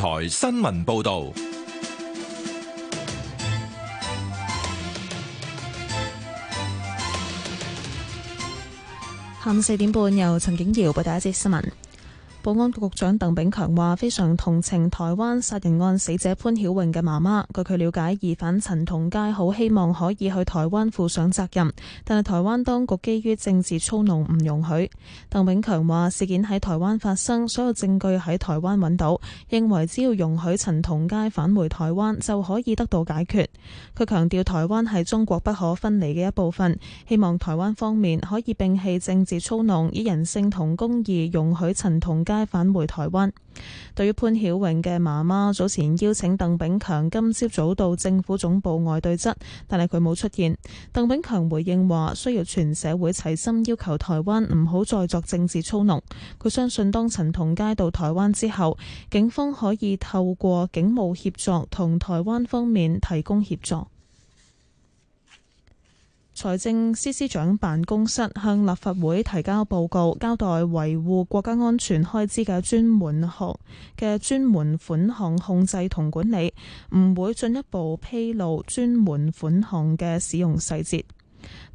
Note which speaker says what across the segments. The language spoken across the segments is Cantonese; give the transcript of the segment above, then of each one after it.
Speaker 1: 台新聞報導。
Speaker 2: 下午四點半，由陳景姚報第一節新聞。保安局局長鄧炳強話非常同情台灣殺人案死者潘曉穎嘅媽媽。據佢了解，疑犯陳同佳好希望可以去台灣負上責任，但係台灣當局基於政治操弄唔容許。鄧炳強話事件喺台灣發生，所有證據喺台灣揾到，認為只要容許陳同佳返回台灣就可以得到解決。佢強調台灣係中國不可分離嘅一部分，希望台灣方面可以摒棄政治操弄，以人性同公義容許陳同佳。街返回台灣。對於潘曉穎嘅媽媽早前邀請鄧炳強今朝早到政府總部外對質，但係佢冇出現。鄧炳強回應話：需要全社會齊心要求台灣唔好再作政治操弄。佢相信當陳同佳到台灣之後，警方可以透過警務協作同台灣方面提供協助。財政司司長辦公室向立法會提交報告，交代維護國家安全開支嘅專門項嘅專門款項控制同管理，唔會進一步披露專門款項嘅使用細節。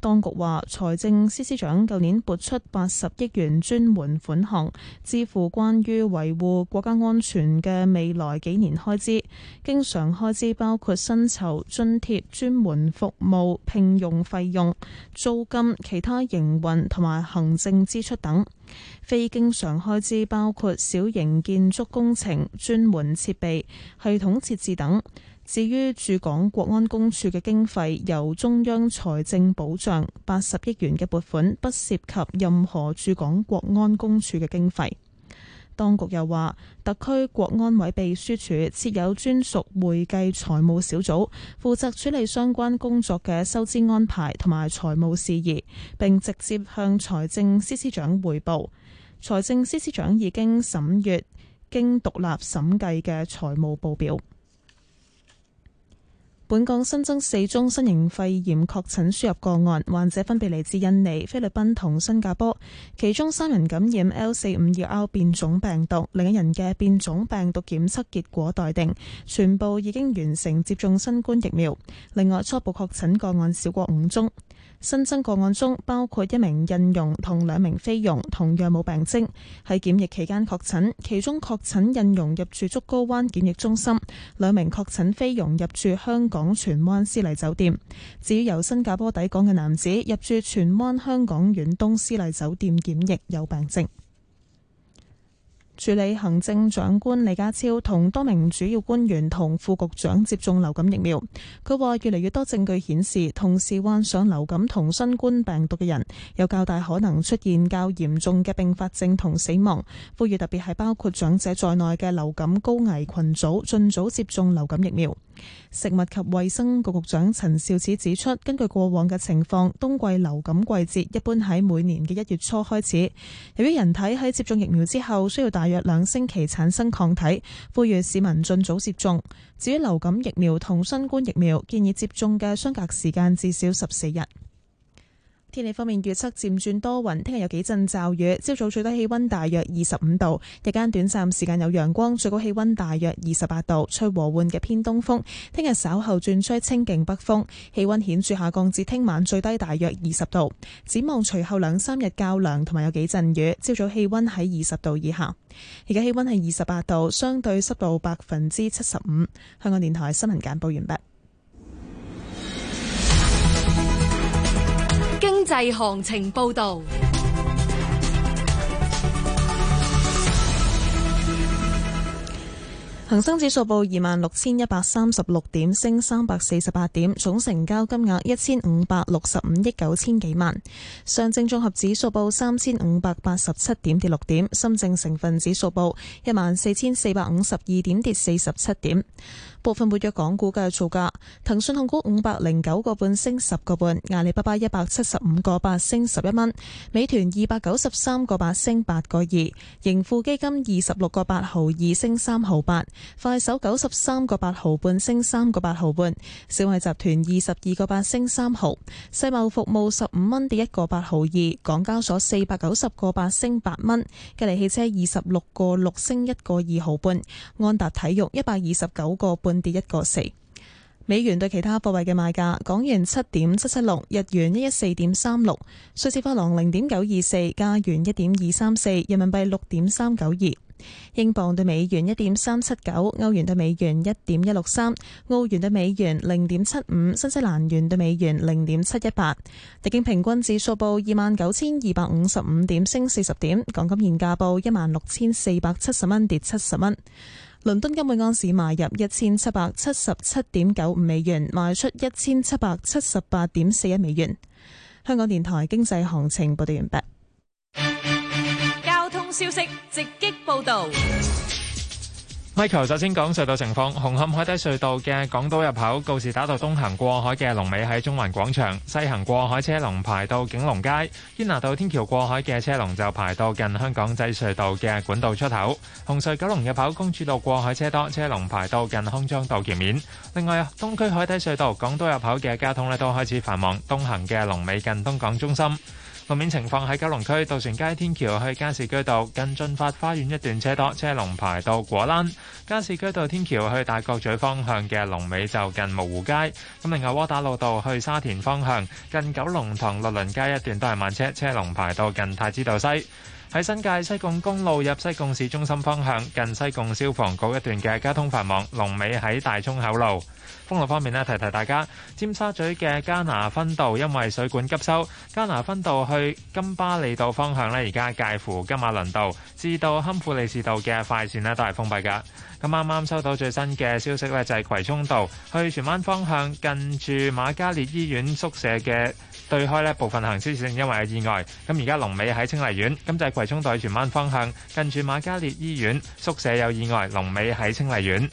Speaker 2: 當局話，財政司司長舊年撥出八十億元專門款項，支付關於維護國家安全嘅未來幾年開支。經常開支包括薪酬、津貼、專門服務、聘用費用、租金、其他營運同埋行政支出等。非經常開支包括小型建築工程、專門設備、系統設置等。至於駐港國安公署嘅經費由中央財政保障，八十億元嘅撥款不涉及任何駐港國安公署嘅經費。當局又話，特區國安委秘書處設有專屬會計財務小組，負責處理相關工作嘅收支安排同埋財務事宜，並直接向財政司司長匯報。財政司司長已經審閱經獨立審計嘅財務報表。本港新增四宗新型肺炎確診輸入個案，患者分別嚟自印尼、菲律賓同新加坡，其中三人感染 L452R 變種病毒，另一人嘅變種病毒檢測結果待定，全部已經完成接種新冠疫苗。另外初步確診個案少過五宗，新增個案中包括一名印傭同兩名菲傭，同樣冇病徵，喺檢疫期間確診，其中確診印傭入住竹篙灣檢疫中心，兩名確診菲傭入住香港港荃灣絲麗酒店。至於由新加坡抵港嘅男子入住荃灣香港遠東絲麗酒店檢疫，有病症。處理行政長官李家超同多名主要官員同副局長接種流感疫苗。佢話越嚟越多證據顯示，同時患上流感同新冠病毒嘅人，有較大可能出現較嚴重嘅併發症同死亡。呼籲特別係包括長者在內嘅流感高危群組，盡早接種流感疫苗。食物及衛生局局長陳肇始指出，根據過往嘅情況，冬季流感季節一般喺每年嘅一月初開始。由於人體喺接種疫苗之後需要大約兩星期產生抗體，呼籲市民盡早接種。至於流感疫苗同新冠疫苗，建議接種嘅相隔時間至少十四日。天氣方面預測漸轉多雲，聽日有幾陣驟雨。朝早最低氣温大約二十五度，日間短暫時間有陽光，最高氣温大約二十八度，吹和緩嘅偏東風。聽日稍後轉吹清勁北風，氣温顯著下降至聽晚最低大約二十度。展望隨後兩三日較涼，同埋有幾陣雨。朝早氣温喺二十度以下，而家氣温係二十八度，相對濕度百分之七十五。香港電台新聞簡報完畢。經濟行情報導。恒生指數報二萬六千一百三十六點，升三百四十八點，總成交金額一千五百六十五億九千幾萬。上證綜合指數報三千五百八十七點，跌六點。深證成分指數報一萬四千四百五十二點，跌四十七點。部分活躍港股嘅造價：騰訊控股五百零九個半升十個半，阿里巴巴一百七十五個八升十一蚊，美團二百九十三個八升八個二，盈富基金二十六個八毫二升三毫八。快手九十三個八毫半升三個八毫半，小米集團二十二個八升三毫，世茂服務十五蚊跌一個八毫二，港交所四百九十個八升八蚊，吉利汽車二十六個六升一個二毫半，安踏體育一百二十九個半跌一個四，美元對其他貨幣嘅賣價：港元七點七七六，日元一一四點三六，瑞士法郎零點九二四，加元一點二三四，人民幣六點三九二。英鎊兌美元一點三七九，歐元兌美元一點一六三，澳元兌美元零點七五，新西蘭元兌美元零點七一八。日經平均,均指數報二萬九千二百五十五點，升四十點。港金現價報一萬六千四百七十蚊，跌七十蚊。倫敦金每盎司買入一千七百七十七點九五美元，賣出一千七百七十八點四一美元。香港電台經濟行情報道完畢。消息直擊報道，Michael 首先講隧道情況。紅
Speaker 1: 磡海底隧道嘅港島入口告士打道東行過海嘅龍尾喺中環廣場，西行過海車龍排到景隆街，堅拿道天橋過海嘅車龍就排到近香港仔隧道嘅管道出口，紅隧九龍入口公主道過海車多，車龍排到近康莊道橋面。另外，東區海底隧道，港島入口嘅交通呢都開始繁忙，東行嘅龍尾近東港中心。路面情況喺九龍區渡船街天橋去加士居道近進發花園一段車多，車龍排到果欄；加士居道天橋去大角咀方向嘅龍尾就近蕪湖街。咁另外窩打老道去沙田方向近九龍塘律倫街一段都係慢車，車龍排到近太子道西。喺新界西貢公路入西貢市中心方向，近西貢消防局一段嘅交通繁忙，龍尾喺大涌口路。封路方面呢，提提大家，尖沙咀嘅加拿芬道因為水管急修，加拿芬道去金巴利道方向呢，而家介乎金馬倫道至到堪富利士道嘅快線呢，都係封閉㗎。咁啱啱收到最新嘅消息呢，就係葵涌道去荃灣方向，近住瑪嘉烈醫院宿舍嘅對開呢部分，行車線因為有意外，咁而家龍尾喺清麗苑，今次係葵涌對荃灣方向，近住瑪嘉烈醫院宿舍有意外，龍尾喺清麗苑。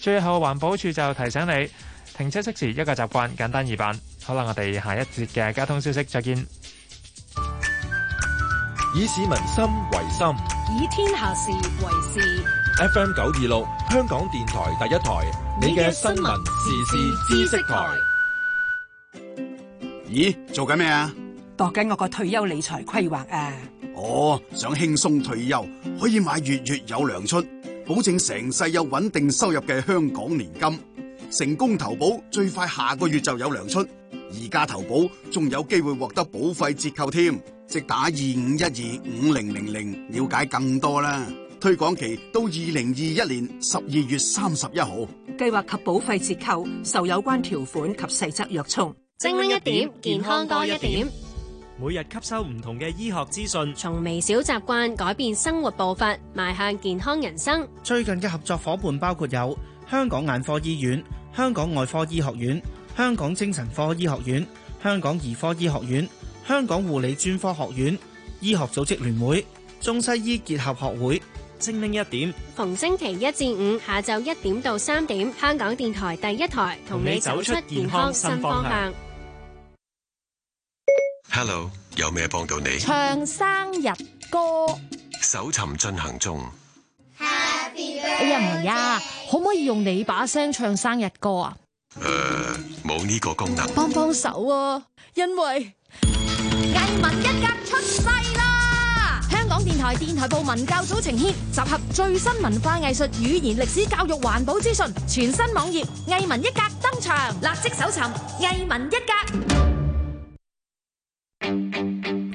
Speaker 1: 最後環保署就提醒你，停車熄匙一個習慣，簡單易辦。好啦，我哋下一節嘅交通消息再見。以市民心為心，
Speaker 2: 以天下事為事。
Speaker 1: FM 九二六，香港電台第一台，你嘅新聞時事知識台。咦，做緊咩啊？
Speaker 2: 度緊我個退休理財規劃啊！
Speaker 1: 哦，想輕鬆
Speaker 3: 退休，可以買月月有糧出，保證成世有穩定收入嘅香港年金。成功投保最快下個月就有糧出，而家投保仲有機會獲得保費折扣添。即打二五一二五零零零了解更多啦！推廣期到二零二一年十二月三十一號。
Speaker 2: 計劃及保費折扣受有關條款及細則約束。精靈一點，健康多一點。
Speaker 1: 每日吸收唔同嘅醫學資訊，從微小習慣改變
Speaker 2: 生活步伐，邁向健康人生。
Speaker 1: 最近嘅合作伙伴包括有香港
Speaker 3: 眼科醫院、香港外科醫學院、香港精神科醫學院、香港兒科、科醫學院、香港護理專科學院、醫學組織聯會、中西醫
Speaker 1: 結合學會。精靈一點，逢星期一至五下晝一點到三點，
Speaker 2: 香港電台第一台同你，你走出健康新方向。
Speaker 3: Hello，有咩幫到你？
Speaker 2: 唱生日歌，
Speaker 3: 搜尋進行中。
Speaker 2: 哎呀唔係呀，可唔可以用你把聲唱生日歌啊？誒，
Speaker 3: 冇呢個功能。幫
Speaker 2: 幫手啊！因為藝文一格出世啦！香港電台電台部文教組呈獻，集合最新文化、藝術、語言、歷史、教育、環保資訊，全新網頁藝文一格登場，立即搜尋藝文一格。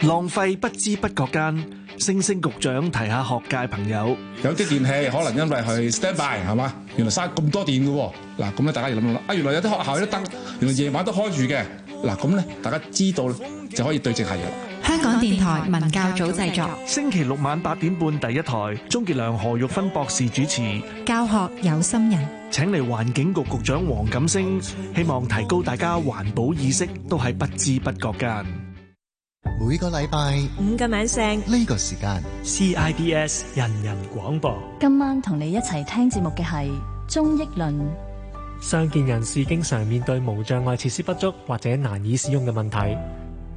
Speaker 1: 浪費不知不覺間，星星局長提下學界朋友，有啲電器可能因為佢 stand by 係嘛，原來嘥咁多電
Speaker 3: 㗎。嗱，咁咧大家要諗諗啦。啊，原來有啲學校啲燈，原來夜晚都開住嘅。嗱，咁咧大家知道咧，就可以對症下藥。
Speaker 2: 香港電台文教組製作，
Speaker 3: 星期六晚八點半第一台，鍾杰良、何玉芬博士主持。
Speaker 1: 教學有心人，請嚟環境局局長黃錦星，希望提高大家環保意識，都係不知不覺間。每個禮拜五個晚上呢個時間 CIBS 人人廣播，
Speaker 2: 今晚同你一齊聽節目嘅係鍾益倫。
Speaker 1: 傷健人士經常面對無障礙設施不足或者難以使用嘅問題，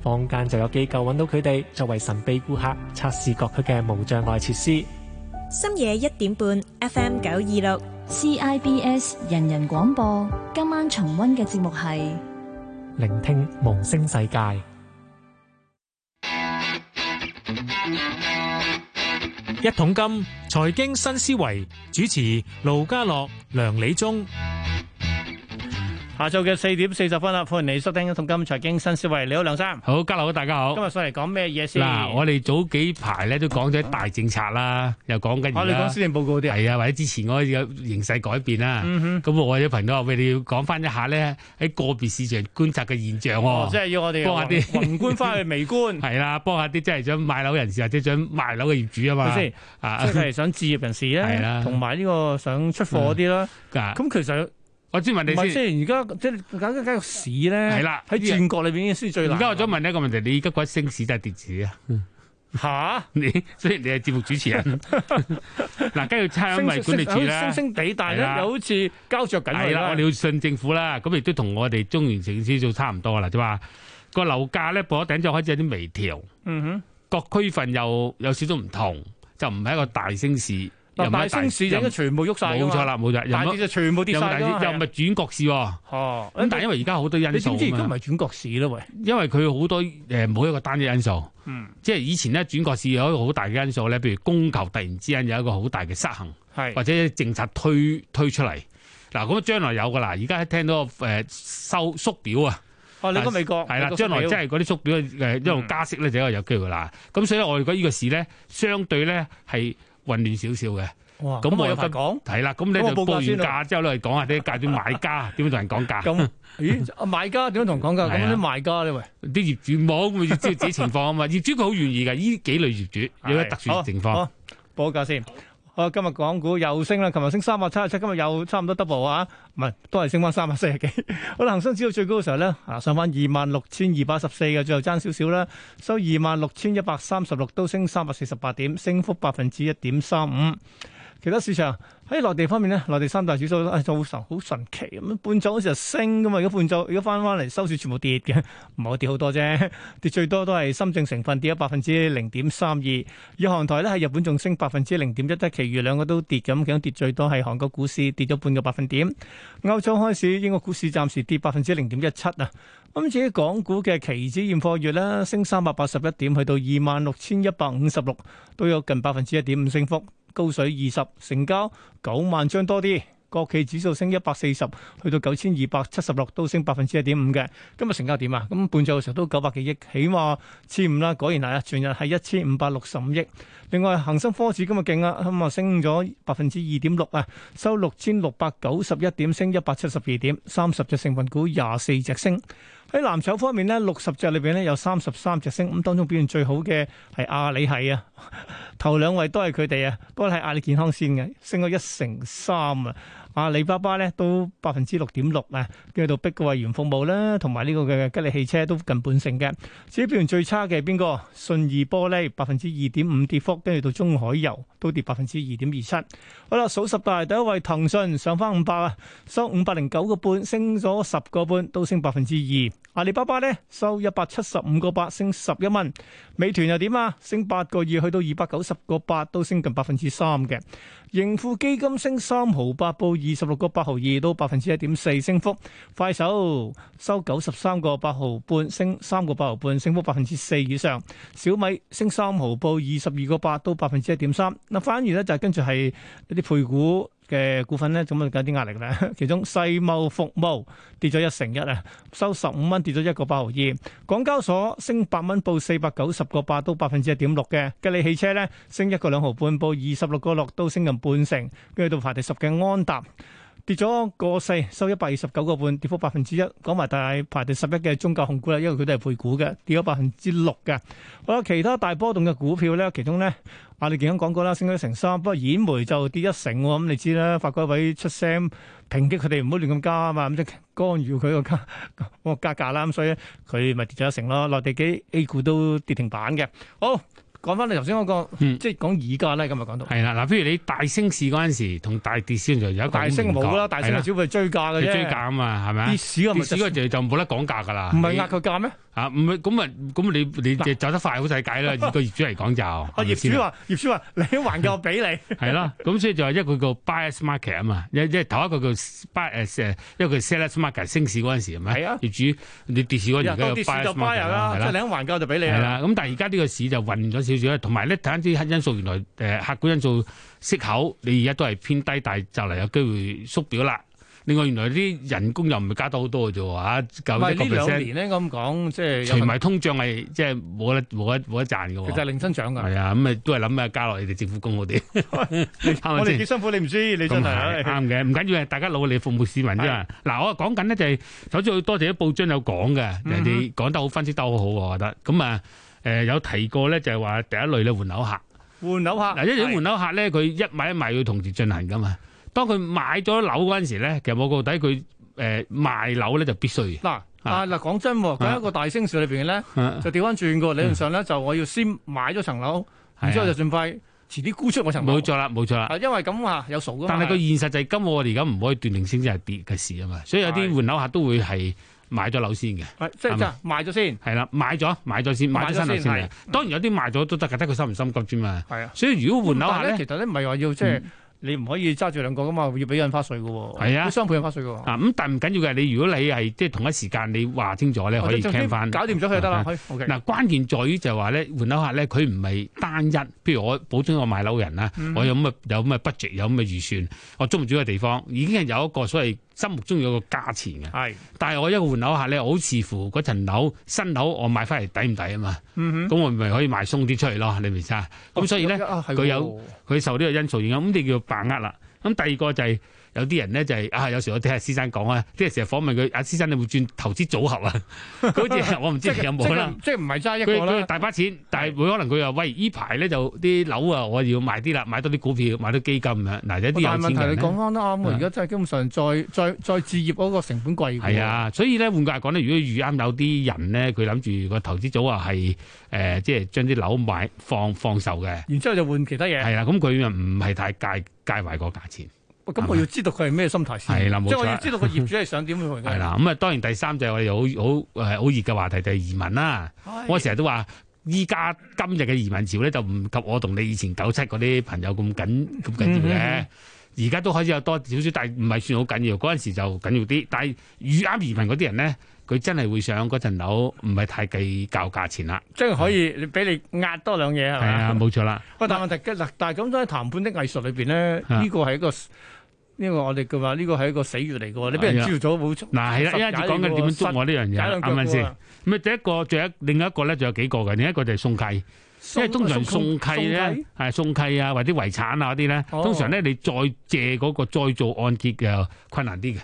Speaker 1: 坊間就有機構搵到佢哋作為神秘顧客，測試各區嘅無障礙設施。
Speaker 2: 深夜一點半，FM 九二六 CIBS 人人廣播，今晚重溫嘅節目係
Speaker 1: 聆聽無聲世界。一桶金，財經新思維，主持盧家樂、梁李忠。
Speaker 3: 下晝嘅四點四十分啦，歡迎你收聽《一桶金財經新思維》。你好，梁生。
Speaker 4: 好，Hello，大家好。今日上嚟講咩嘢先？嗱，我哋早幾排咧都講咗大政策啦，又講緊我哋講施政報告啲係啊，或者之前嗰有形勢改變啦。咁、嗯、哼我有啲朋友話，喂，你要講翻一下咧，喺個別市場觀察嘅現象。哦，即係要我哋幫下啲宏觀翻去微觀。係啦、 啊，幫下啲真係想買樓人士或者想賣樓嘅業主啊嘛。係咪
Speaker 3: 先？啊，即係想置業人士咧，同埋呢個想出貨嗰啲啦。咁、啊、其實。
Speaker 4: 我先問你先，雖然
Speaker 3: 而家即係搞緊搞市，咧，係啦了，喺戰國裏邊先
Speaker 4: 最難。而家我想問一個問題，你而家覺得升市就係跌市啊？吓你，雖然你係節目主持人，嗱， 今日要參與管理處啦，升升地，大係咧又好似膠着緊係啦，我哋要信政府啦，咁亦都同我哋中原城市做差唔多啦，啫嘛。個樓價咧破咗頂，就開始有啲微調，
Speaker 1: 嗯、
Speaker 4: 哼，各區份又有，有少少唔同，就唔係一個大升市。又唔係升市，整咗全部喐晒，冇錯啦，冇錯，大碟全部跌。又唔係轉角市喎。哦，咁但係因為而家好多因素。你點知而家唔係轉角市咯？喂，因為佢好多誒冇一個單一因素。嗯。即係以前咧轉角市有一個好大嘅因素咧，譬如供求突然之間有一個好大嘅失衡，係，或者政策推推出嚟。嗱，咁將來有噶啦。而家聽到誒收縮表啊。哦，你講美國係啦，將來真係嗰啲縮表誒一路加息咧，就一個有機會啦。咁所以我覺得呢個市咧，相對咧係，混亂少少嘅，咁我有份講。係啦，咁你就報完價之後，你講下啲介啲買家點樣同人講價。咁，咦，買家點樣同人講價？咁啲買家你喂，啲業主冇，咁咪知道自己情況啊嘛。業主佢好願意噶，呢幾類業主有咩特殊情況？好，
Speaker 3: 報價先。我今日港股又升啦，琴日升三百七十七，今日又差唔多 double 啊，唔係都係升翻三百四十幾。 好啦，恒生指數最高嘅時候咧，啊上翻二萬六千二百十四嘅，最後爭少少啦，收二萬六千一百三十六，都升三百四十八點，升幅百分之一點三五。其他市場。喺內地方面咧，內地三大指數都好神，好神奇。咁半早嗰時升㗎嘛，如果半早如果返返嚟收市全部跌嘅，唔係我跌好多啫，跌最多都係深證成分跌咗百分之零點三二。以韓台咧，喺日本仲升百分之零點一七，其餘兩個都跌咁，其中跌最多係韓國股市跌咗半個百分點。歐洲開市，英國股市暫時跌百分之零點一七啊。咁至於港股嘅期指現貨月咧，升三百八十一點，去到二萬六千一百五十六，都有近百分之一點五升幅。高水二十，成交九萬張多啲，國企指數升一百四十，去到九千二百七十六，都升百分之一點五嘅。今日成交點啊？咁半晝嘅時候都九百幾億，起碼千五啦。果然係啊，全日係一千五百六十五億。另外恒生科指今日勁啊，咁啊升咗百分之二點六啊，收六千六百九十一點，升一百七十二點，三十隻成份股廿四隻升。喺藍籌方面呢，六十隻裏邊呢有三十三隻升，咁當中表現最好嘅係阿里系啊。頭兩位都係佢哋啊，都係阿里健康線嘅，升咗一成三啊！阿里巴巴咧都百分之六點六啊，跟住到碧桂園服務啦，同埋呢個嘅吉利汽車都近半成嘅。至於表現最差嘅係邊個？信義玻璃百分之二點五跌幅，跟住到中海油都跌百分之二點二七。好啦，數十大第一位騰訊上返五百啊，收五百零九個半，升咗十個半，都升百分之二。阿里巴巴咧收一百七十五個八，升十一蚊。美團又點啊？升八個二，去到二百九十個八，都升近百分之三嘅。盈富基金升三毫八，報二十六個八毫二，都百分之一點四升幅。快手收九十三個八毫半，升三個八毫半，升幅百分之四以上。小米升三毫 8, 報 8,，報二十二個八，都百分之一點三。嗱，反而咧就係、是、跟住係一啲配股。嘅股份咧，咁啊有啲壓力啦。其中世茂服務跌咗一成一啊，收十五蚊，跌咗一個八毫二。港交所升八蚊，報四百九十個八，都百分之一點六嘅。吉利汽車咧，升一個兩毫半，報二十六個六，都升近半成。跟住到排第十嘅安踏。跌咗個四，收一百二十九個半，跌幅百分之一。講埋大排第十一嘅中教控股啦，因為佢都係配股嘅，跌咗百分之六嘅。好啦，其他大波動嘅股票咧，其中咧阿里健康講過啦，升咗一成三，不過兗煤就跌一成。咁你知啦，發改委出聲抨擊佢哋唔好亂咁加啊嘛，咁即係干預佢個價，我加價啦。咁所以佢咪跌咗一成咯。內地幾 A 股都跌停板嘅。好。講翻你頭先嗰個，嗯、即係講議價咧，
Speaker 4: 今日講到係啦，嗱，譬如你大升市嗰陣時，同大跌市就有一個大升冇啦，的大升小佢追價嘅啫，追價啊嘛，係咪？是，是跌市個跌市個就就冇得講價噶啦，唔係壓佢價咩？哎啊，唔係咁啊，咁你你就走得快好世界啦。以個業主嚟講就， 啊業主話、啊、業主話你還夠俾你係咯。咁所以就係因為佢個 buyer's market 啊嘛，一即係頭一個叫 buyer's 誒誒，因為佢 seller's market 升市嗰陣時係咪？係啊，業主、啊、你跌、 啊、市嗰陣時佢 buyer's market 啦，即係你還夠就俾你啦。係啦、啊，咁但係而家呢個市就混咗少少啦，同埋咧睇下啲因素，原來誒客觀因素息，息口你而家都係偏低，但係就嚟有機會縮表啦。另外，原來啲人工又唔係加多好多嘅啫喎，嚇！呢兩年咧
Speaker 3: 咁講，即係除埋
Speaker 4: 通脹係即係冇得冇得冇得賺嘅喎。其實零增長㗎。係啊，咁啊都係諗下，加落你哋政府工我哋。我哋幾辛
Speaker 3: 苦你唔知，你真係啱
Speaker 4: 嘅。唔緊要，大家攞你服務市民啫。嗱，我講緊咧就係首先要多謝啲報章有講嘅，人哋講得好分析得好好，我覺得。咁啊誒有提過咧，就係話第一類咧換樓客。換樓客嗱，一啲換樓客咧，佢一買一賣要同時進行㗎嘛。當佢買咗樓嗰陣時咧，其實我到底佢誒賣樓咧就必須。嗱啊嗱，講真喎，喺一個大升市裏邊咧，
Speaker 3: 就調翻轉噶。理論上咧，就我要先買咗層樓，然之後就盡快遲啲沽出
Speaker 4: 我層樓。冇錯啦，冇錯啦。
Speaker 3: 因為咁話有數噶嘛。但係個現
Speaker 4: 實就係今我哋而家唔可以斷定升即係跌嘅事啊嘛。所以有啲換樓客都會係買咗樓先嘅。即係就賣咗先？係啦，買咗買咗先，買咗先係。當然有啲賣咗都得，得佢心唔心急啫嘛。係啊。所以如果換樓客咧，其實咧唔係話要即係。你唔可以揸住兩個噶嘛，要俾印花稅噶。係啊，要雙倍印花稅噶。啊，咁但係唔緊要嘅，你如果你係即係同一時間，你話清楚咧，可以傾翻。啊、搞掂咗佢就得啦，可以、啊。嗱、okay 啊，關鍵在於就係話咧，換樓客咧，佢唔係單一。譬如我補充我買樓人啦，嗯、我有咁嘅有咁嘅 budget，有咁嘅預算，我捉唔住嘅地方，已經係有一個所謂。心目中有個價錢嘅，係是，但係我一個換樓下咧，好視乎嗰層樓新樓我買翻嚟抵唔抵啊嘛，咁、嗯、哼我咪可以賣鬆啲出嚟咯，你明唔明啊？咁、哦、所以咧，佢、哦、有佢受呢個因素影響，咁你叫把握啦。咁第二個就係、是。有啲人咧就係、是、啊，有時我聽阿師生講啊，即係成日訪問佢阿師生，你會轉投資組合啊？ 好似我唔知你有冇可能？ 即」即係唔係揸一個大把錢，但係會可能佢話喂依排咧就啲樓啊，我要買啲啦，買多啲股票，買多基金咁嗱、啊。有啲大、哦、問題你講得啱
Speaker 3: 啦。咁而家真係基本上再再再，再置業嗰個成本貴嘅。係啊，
Speaker 4: 所以咧換句話講咧，如果遇啱有啲人咧，佢諗住個投資組啊係誒，即係將啲樓買放放售嘅，然之後就換其他嘢係啦。咁佢唔係太介介懷個價錢。咁、啊嗯、我要知道佢係咩心態先，啦啊、即係我要知道個業主係想點樣去。係啦，咁、嗯、啊，當然第三就係我哋好好誒好熱嘅話題就係移民啦、啊。我成日都話，依家今日嘅移民潮咧，就唔及我同你以前九七嗰啲朋友咁緊咁緊要嘅。而家、嗯、都開始有多少少，但係唔係算好緊要。嗰陣時就緊要啲，但係遇壓移民嗰啲人咧，佢真係會想嗰層樓唔係太計較價錢啦。即係、嗯、可
Speaker 3: 以，你俾你壓多兩嘢係嘛？
Speaker 4: 冇錯啦。
Speaker 3: 個大問題嗱，但係咁多談判的藝術裏邊咧，呢個係一個。呢個我哋嘅話，呢個係一個死穴嚟
Speaker 4: 嘅。你俾人知道咗冇捉，嗱係啦，啱先講緊點樣捉我呢樣嘢，係咪先？咁啊，第一個，仲有另一個咧，仲有幾個嘅。另一個就係送契，因為通常送契咧，係送契啊，或者遺產啊嗰啲咧，通常咧你再借嗰個再做按揭嘅困難啲嘅。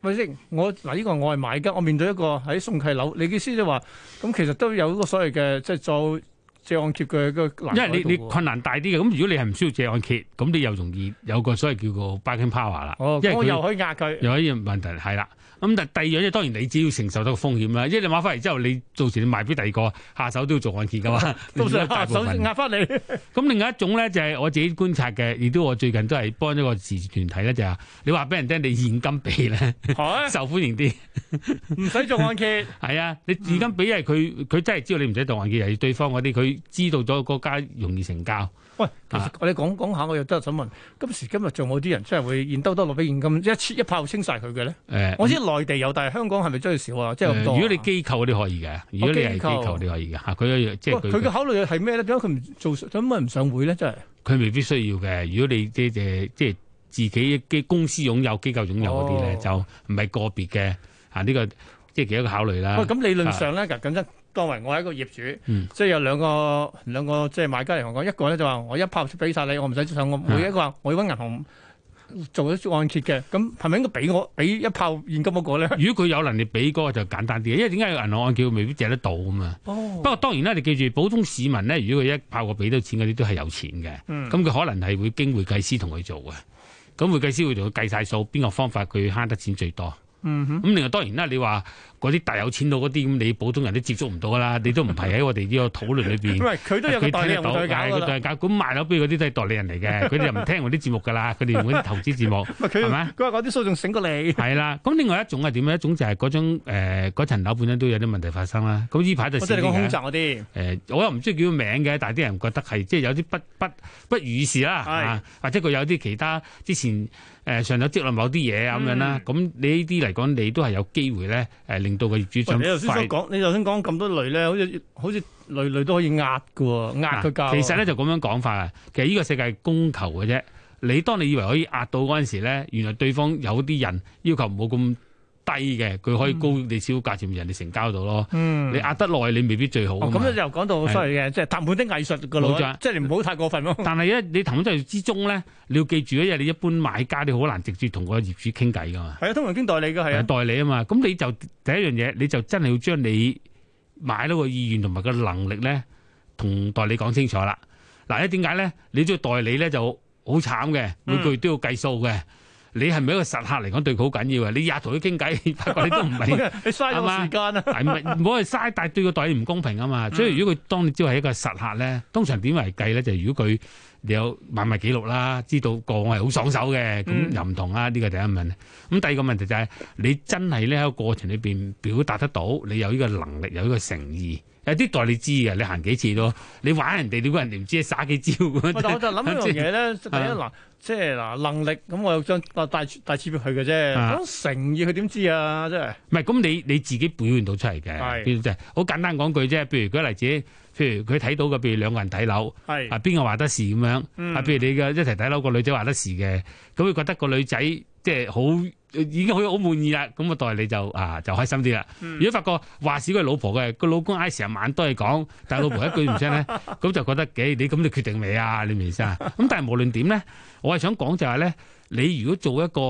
Speaker 3: 咪先，我嗱呢個我係買嘅，我面對一個喺送契樓，你嘅意思就話咁，其實都有一個所謂嘅，即係做。借按揭嘅個難度，因為你你困
Speaker 4: 難大啲嘅，咁如果你係唔需要借按揭，咁你又容易有個所謂叫做 buying power 啦。哦，因為又可以壓佢，又可以有問題係啦。咁但第二樣嘢當然你只要承受到個風險啦，因為你買翻嚟之後，你到時你賣俾第二個下手都要做按揭噶嘛，到時下手壓翻你。咁另外一種咧就係、是、我自己觀察嘅，亦都我最近都係幫一個慈善團體咧，就係、是、你話俾人聽，你現金俾咧、啊、 受歡迎啲，唔 使做按揭。係 啊，你現金俾係佢佢真係知道你唔使做按揭，係、就是、對方嗰啲佢。知道咗個家容易成交。喂，其實
Speaker 3: 我哋講講下，我又真係想問，今時今日仲有啲人真係會現兜兜落俾現金，一一炮清晒佢嘅咧？誒、欸，我知內地有，但係香港係咪真係少啊？即係咁多、欸。如果
Speaker 4: 你機構嗰啲可以嘅，
Speaker 3: 如果你係機構嗰啲可
Speaker 4: 以嘅嚇，佢即係佢。嘅、佢、考
Speaker 3: 慮係咩咧？點解佢唔做？點解唔上會咧？真係。
Speaker 4: 佢未必需要嘅。如果你即係即係自己機公司擁有、機構擁有嗰啲咧，哦、就唔係個別嘅嚇。呢、啊這個即係幾多個考慮啦？咁理論上
Speaker 3: 咧，緊張。即當為我係一個業主，嗯、即係有兩個兩個即係買家嚟講，一個咧就話我一炮俾晒你，我唔使上我、嗯、每一個，我要揾銀行做咗按揭嘅，咁係咪應該俾
Speaker 4: 我俾一炮現金嗰個咧？如果佢有能力俾嗰個就簡單啲，因為點解有銀行按揭未必借得到㗎嘛。哦、不過當然啦，你記住普通市民咧，如果佢一炮我俾到錢嗰啲都係有錢嘅，咁佢、嗯、可能係會經會計師同佢做嘅，咁會計師會同佢計晒數，邊個方法佢慳得錢最多。咁、嗯、哼另外當然啦，你話。嗰啲大有錢佬嗰啲咁，你普通人都接觸唔到噶啦，你都唔係喺我哋呢個討論裏邊。佢聽得到，係佢代理人推介，佢代理人推介咁賣樓，畀嗰啲都係代理人嚟嘅，佢哋又唔聽我啲節目噶啦，佢哋 用嗰啲投資節目，係咪 嗎？佢話嗰啲數仲醒過你。係啦，咁另外一種係點樣？一種就係嗰種誒嗰、呃、層樓本身都有啲問題發生啦。咁呢排就少我哋講空嗰啲誒，我又唔知叫咩名嘅，但係啲人覺得係即係有啲不不不，不如意事啦是、啊，或者佢有啲其他之前誒、呃、上有積累某啲嘢咁樣啦、啊。咁、嗯、你呢啲嚟講，你都係有機會咧誒。令到個業主咁快？你頭先講，你頭先講咁多類咧，好似好似類類都可以壓嘅喎，壓佢價。其實咧就咁樣講法啊，其實呢個世界係供求嘅啫。你當你以為可以壓到嗰陣時咧，原來對方有啲人要求唔好咁。低嘅佢可以高你少價錢、嗯、人哋成交到咯，嗯、你壓得耐你未必最好。咁、哦、樣又講到衰嘅，是即係談判啲藝術嘅路，助即係你唔好太過分咯。但係咧，你談判之中咧，你要記住一樣，你一般買家你好難直接同個業主傾偈噶嘛。係啊，通常經代理嘅係啊，的代理啊嘛。咁你就第一樣嘢，你就真係要將你買到個意願同埋個能力咧，同代理講清楚啦。嗱，點解咧？你做代理咧就好慘嘅，每個月都要計數嘅。你係咪一個實客嚟講對佢好緊要啊？你日同佢傾偈，發覺你都唔係， 你嘥個時間啊 係咪？唔好係嘥，但對個代理唔公平啊嘛。所以如果佢當你只係一個實客咧，通常點嚟計咧？就是、如果佢有買賣記錄啦，知道個我係好爽手嘅，咁又唔同啦。呢個、嗯、第一問。咁第二個問題就係、是、你真係咧喺個過程裏邊表達得到，你有呢個能力，有呢個誠意。有啲代理知嘅，你行幾次咯？你玩人哋，你估人哋唔知你耍幾招咁。我就諗一樣嘢咧，嗱，即係嗱能力咁，我又將嗱帶帶賒票去嘅啫。講誠意，佢點知啊？即係。唔係咁，你你自己表現到出嚟嘅，表就係好簡單講句啫。譬如舉個例子，譬如佢睇到嘅，譬如兩個人睇樓，係啊邊個話得事咁樣？啊、嗯，譬如你嘅一齊睇樓，個女仔話得事嘅，咁佢覺得個女仔。即係好，已經好，好滿意啦。咁啊，代你就啊，就開心啲啦。嗯、如果發覺話事佢老婆嘅，個老公嗌成晚都係講，但係老婆一句唔聲咧，咁 就覺得幾。你咁你決定未啊，你明唔意思啊？咁但係無論點咧，我係想講就係、是、咧，你如果做一個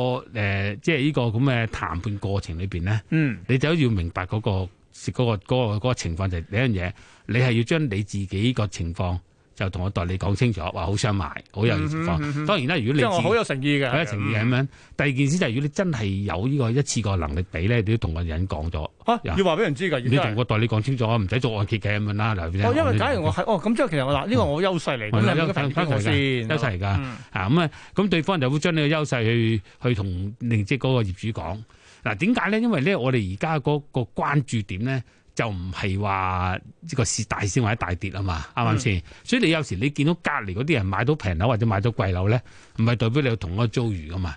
Speaker 4: 誒，即係呢個咁嘅談判過程裏邊咧，嗯、你就要明白嗰、嗰個，嗰個，嗰個，嗰個情況就係呢樣嘢。你係要將你自己個情況。就同我代理講清楚，話好想買，好有情況。當然啦，如果你好有誠意嘅，好誠意咁樣。第二件事就係如果你真係有呢個一次過能力俾咧，你都同個人講咗。要話俾人知㗎。你同我代理講清楚，唔使做按揭嘅咁樣啦。因為假如我
Speaker 3: 係哦咁，即係其實嗱，呢個我優勢嚟，係一個優勢嚟㗎。啊咁
Speaker 4: 啊，咁對方就會將呢個優勢去去同令即係嗰個業主講。嗱點解咧？因為咧，我哋而家嗰個關注點咧。就唔係話呢個市大升或者大跌啊嘛，啱唔啱先？嗯、所以你有時你見到隔籬啲人買到平樓或者買到貴樓咧，唔係代表你有同一個遭遇噶嘛，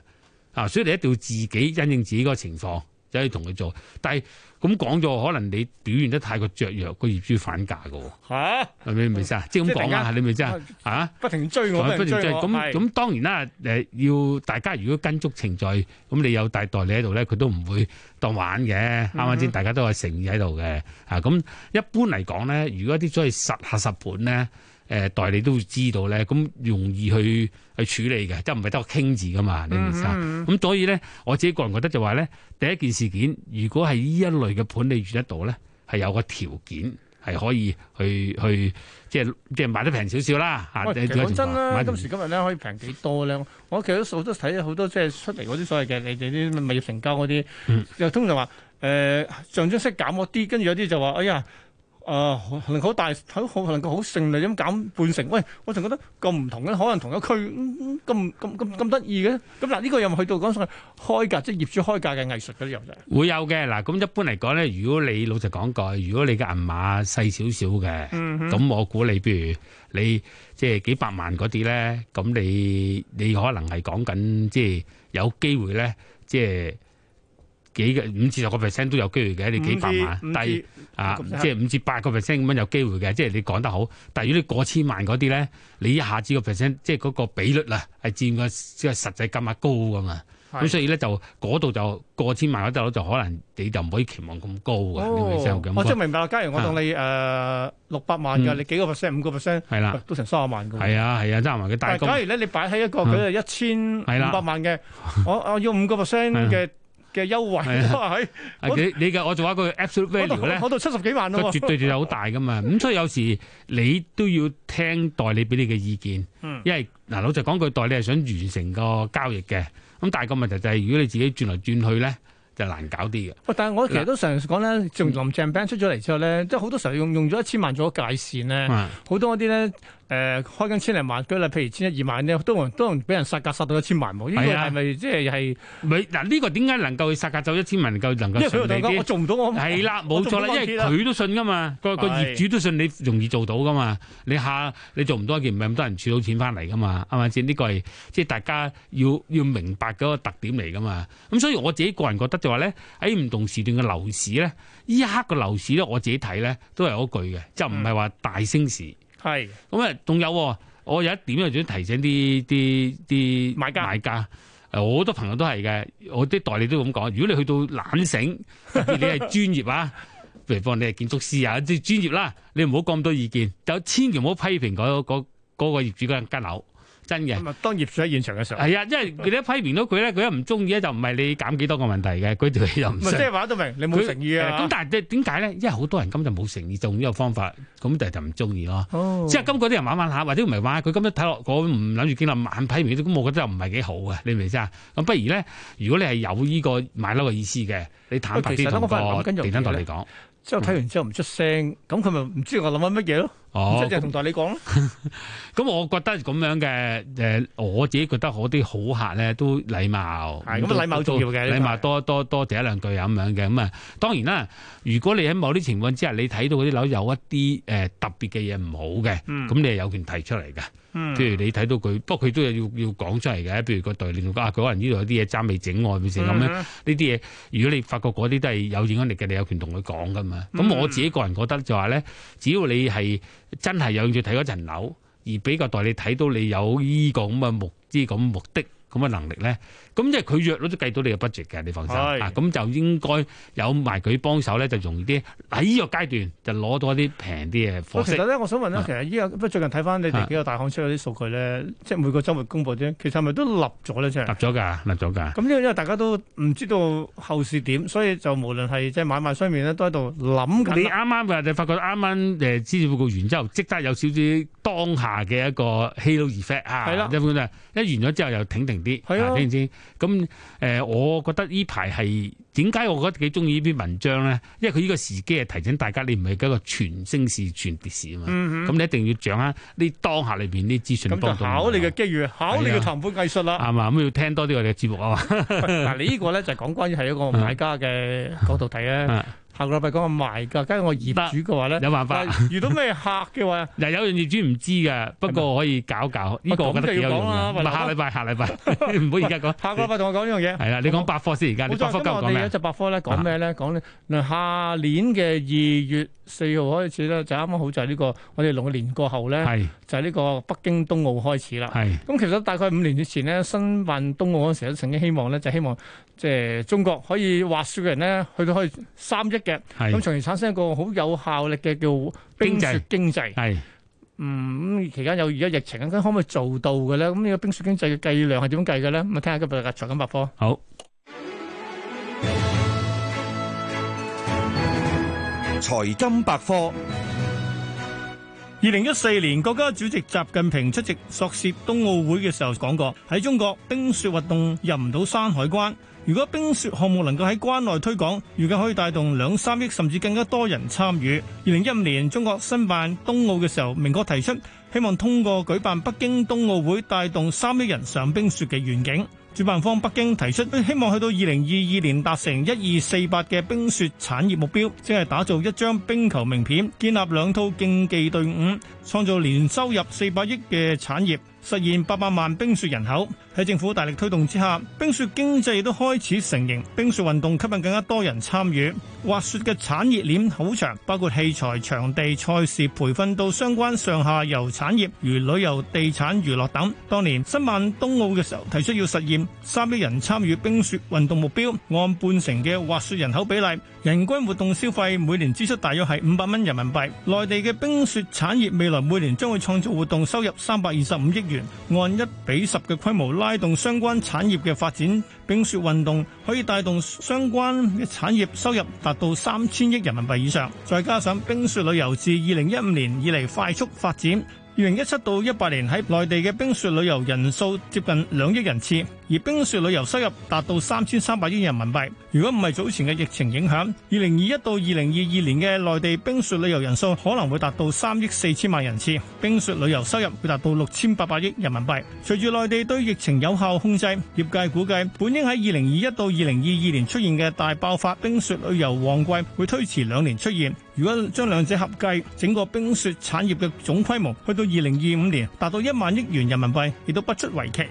Speaker 4: 啊！所以你一定要自己因應自己個情況。就可以同佢做，但係咁講咗，可能你表現得太過雀躍，個業主反價嘅喎。係，明唔明先？即係咁講啊，你明唔、嗯、明先啊？啊！不停追我，不停追、嗯、不停追我。咁咁那是當然啦，誒要大家如果跟足程序，咁你有大代理喺度咧，佢都唔會當玩嘅，啱啱先？大家都有誠意喺度嘅。啊，咁一般嚟講咧，如果啲所謂實下實盤咧。誒代理都會知道咧，咁容易去去處理嘅，即係唔係得個傾字噶嘛？你明唔明啊？咁所以咧，我自己個人覺得就話咧，第一件事件如果係呢一類嘅盤你遇得到咧，係有個條件係可以去去即係即係買得平少少啦嚇。講真啦，
Speaker 3: 今時今日咧可以平幾多咧？我其實都數都睇好多，即係出嚟嗰啲所謂嘅你哋啲物業成交嗰啲，又通常話誒象徵式減嗰啲，跟住有啲就話哎呀。啊，可能好大，好可能夠好勝利咁減半成。喂，我仲覺得咁唔同嘅，可能同一區咁咁咁咁得意嘅。咁嗱，呢個有冇去到講所謂開價，即係業主開價嘅藝術嗰啲有冇？
Speaker 4: 會有嘅。嗱，咁一般嚟講咧，如果你老實講句，如果你嘅銀碼細少少嘅，咁我估你，比如你即係幾百萬嗰啲咧，咁你你可能係講緊即係有機會咧，即係。幾嘅五至十個 percent 都有機會嘅，你幾百萬，但係啊，即係五至八個 percent 咁樣有機會嘅，即係你講得好。但係如果你過千萬嗰啲咧，你一下子個 percent，即係嗰個比率啊，係佔個即係實際金額高噶嘛。咁的所以咧就嗰度就過千萬嗰度就可能你就唔可以期望咁高嘅。哦、我即係明白啦。假如我當你誒六
Speaker 3: 百萬嘅，的你幾個 percent？五個 percent 係啦，都成
Speaker 4: 三十萬咁。係啊係啊，差唔多嘅。假如咧，
Speaker 3: 你擺喺一個佢係一千五百萬嘅，我、嗯、我要五個 percent 嘅。 嘅優惠係的， 我你
Speaker 4: 你嘅我做一個 absolute value 咧，我到七十幾萬囉，個絕對就好大㗎嘛。咁 所以有時你都要聽代理俾你嘅意見， 因為嗱老實講，句代理係想完成個交易嘅。咁但係個問題就係，如果你自己轉嚟轉去咧，就難搞啲嘅。
Speaker 3: 喂，但係我其實都常
Speaker 4: 講咧，仲以林鄭 Plan 出咗嚟之後咧，即係好
Speaker 3: 多時候用用咗一千萬做個界線咧，好的多嗰啲咧。誒、呃、開緊千零萬，舉例譬如千一二萬咧，都都俾人殺價殺到一千萬喎。呢、啊、個係咪即係係咪嗱？呢、這個點解
Speaker 4: 能夠殺價走一千萬，能夠能夠順利啲？係啦，冇錯啦，因為佢、啊、都信噶嘛，個個我業主都信你，容易做到噶嘛。啊、你下你做唔到一件，唔係咁多人儲到錢翻嚟噶嘛，係咪先？呢、這個係即係大家要要明白嗰個特點嚟噶嘛。咁所以我自己個人覺得就話咧，喺唔同時段嘅樓市咧，呢一刻嘅樓市咧，我自己睇咧都係嗰句嘅，就唔係話大升市。嗯係，咁啊是，仲有我有一點想提醒啲啲啲買家買家，好家多朋友都係嘅，我啲代理都咁講，如果你去到懶醒，你係專業啊，譬 如講你係建築師啊，啲、即係、專業啦，你唔好咁多意見，就千祈唔好批評嗰、那、嗰、個那個業主嗰人間樓。真嘅，咁啊，當業主喺現場嘅時候，係啊，因為你批完到佢咧，佢一唔中意咧，就唔係你減幾多個問題嘅，佢哋又唔識。即係話都明，你冇誠意啊！咁、呃、但係點解咧？因為好多人根本就冇誠意，就用呢個方法，咁但係就唔中意咯。哦、即係今嗰啲人玩玩下，或者唔係玩，佢今一睇落，我唔諗住建到晚批完，咁我覺得又唔係幾好嘅，你明唔明先啊？咁不如咧，如果你係有依個買樓嘅意思嘅，你坦白啲同個地產代理講。即係睇完之後唔出聲，
Speaker 3: 咁佢咪唔知我諗緊乜嘢咯？
Speaker 4: 哦，即係同代你講咯。咁 我覺得咁樣嘅，誒、呃，我自己覺得我啲好客咧，都禮貌。係的，咁禮都貌重要嘅，禮貌都的多多多就一兩句咁樣嘅。咁、嗯、啊，當然啦，如果你喺某啲情況之下，你睇到嗰啲樓有一啲誒、呃、特別嘅嘢唔好嘅，咁、嗯、你係有權提出嚟嘅、嗯。譬如你睇到佢，不過佢都要要講出嚟嘅。譬如個代理同佢可能呢度有啲嘢爭未整喎，變成咁樣呢啲嘢。如果你發覺嗰啲都係有影響力嘅，你有權同佢講噶嘛。咁我自己個人覺得就話咧，只要你係。真係有興趣睇嗰層樓，而俾個代理睇到你有依個咁嘅目，呢咁目的。咁嘅能力咧，咁即係佢約到都計到你嘅 budget 嘅，你放心。咁是、啊、就應該有埋佢幫手咧，就容易啲。喺呢個階段就攞到一啲平啲嘅貨息。其實咧，
Speaker 3: 我想問咧，啊、其實依個不過最近睇翻你哋幾個大行出嗰啲數據咧，啊、即係每個週末公佈啫，其實係咪都立咗咧？即係立
Speaker 4: 咗㗎，立咗㗎。
Speaker 3: 咁因為因為大家都唔知道後市點，所以就無論係即係買賣雙面咧，都喺度諗緊。你啱
Speaker 4: 啱嘅就發覺啱啱誒，資、呃、料報告完之後，即刻有少少當下嘅一個 Halo effect 啊，一般就一完咗之後又挺定。啲啊，聽唔聽？咁誒、呃，我覺得呢排係點解？我覺得幾中意呢篇文章咧，因為佢呢個時機係提醒大家，你唔係一個全升市、全跌市啊嘛。咁、嗯、哼你一定要掌握呢當下裏邊啲資訊。咁、嗯、哼就考你嘅
Speaker 3: 機遇，考你嘅談
Speaker 4: 判藝術啦。係嘛、啊，咁要聽多啲我哋嘅節目啊嘛。嗱、嗯哼， 你呢個咧就係
Speaker 3: 講關於係一個買家嘅角度睇啊。嗯下個禮拜講埋噶，加上我業主嘅話
Speaker 4: 咧，有辦法。遇到咩客嘅話，嗱有樣業主唔知嘅，不過可以搞搞。呢個我覺得幾有用。我啦，下禮拜下禮拜，唔好而家講。下個禮
Speaker 3: 拜同我講呢樣嘢。
Speaker 4: 係啦，你講百科先而家。你百科我哋有集
Speaker 3: 百科咧，講咩咧？講嗱下年嘅二月。四號開始咧，就啱啱好就係呢、這個我哋六年過後咧，是就係呢個北京冬奧開始啦。咁是其實大概五年以前咧，申辦冬奧嗰時都曾經希望咧，就是、希望即係中國可以滑雪嘅人咧，去到可以三億嘅，咁從而產生一個好有效力嘅叫冰雪經濟。係，嗯，期間有而家疫情，咁可唔可以做到嘅咧？咁呢個冰雪經濟嘅計量係點計嘅咧？咁啊，聽下今日財金百科。好。財金百科。二零一四年，國家主席習近平出席索契冬奧會嘅時候講過：喺中國冰雪活動入唔到山海關。如果冰雪項目能夠喺關內推廣，預計可以帶動兩三億甚至更加多人參與。二零一五年，中國申辦冬奧嘅時候明確提出，希望通過舉辦北京冬奧會帶動三億人上冰雪嘅願景。主辦方北京提出，希望去到二零二二年達成一二四八嘅冰雪產業目標，即係打造一張冰球名片，建立兩套競技隊伍，創造年收入四百億嘅產業，實現八百萬冰雪人口。喺政府大力推動之下，冰雪經濟亦都開始成型。冰雪運動吸引更加多人參與。滑雪嘅產業鏈好長，包括器材、場地、賽事、培訓到相關上下游產業，如旅遊、地產、娛樂等。當年申辦冬，冬奧嘅時候，提出要實現三億人參與冰雪運動目標。按半成嘅滑雪人口比例，人均活動消費每年支出大約係五百蚊人民幣。內地嘅冰雪產業未來每年將會創造活動收入三百二十五億元，按一比十嘅規模。帶動相關產業嘅發展，冰雪運動可以帶動相關嘅產業收入達到三千億人民幣以上，再加上冰雪旅遊自二零一五年以嚟快速發展。二零一七到一八年喺內地嘅冰雪旅遊人數接近兩億人次，而冰雪旅遊收入達到三千三百億人民幣。如果唔係早前嘅疫情影響，二零二一到二零二二年嘅內地冰雪旅遊人數可能會達到三億四千萬人次，冰雪旅遊收入會達到六千八百億人民幣。隨住內地對疫情有效控制，業界估計本應喺二零二一到二零二二年出現嘅大爆發冰雪旅遊旺季會推遲兩年出現。如果將兩者合計，整個冰雪產業嘅總規模去到二零二五年，達到一萬億元人民幣
Speaker 4: 亦都不足為奇。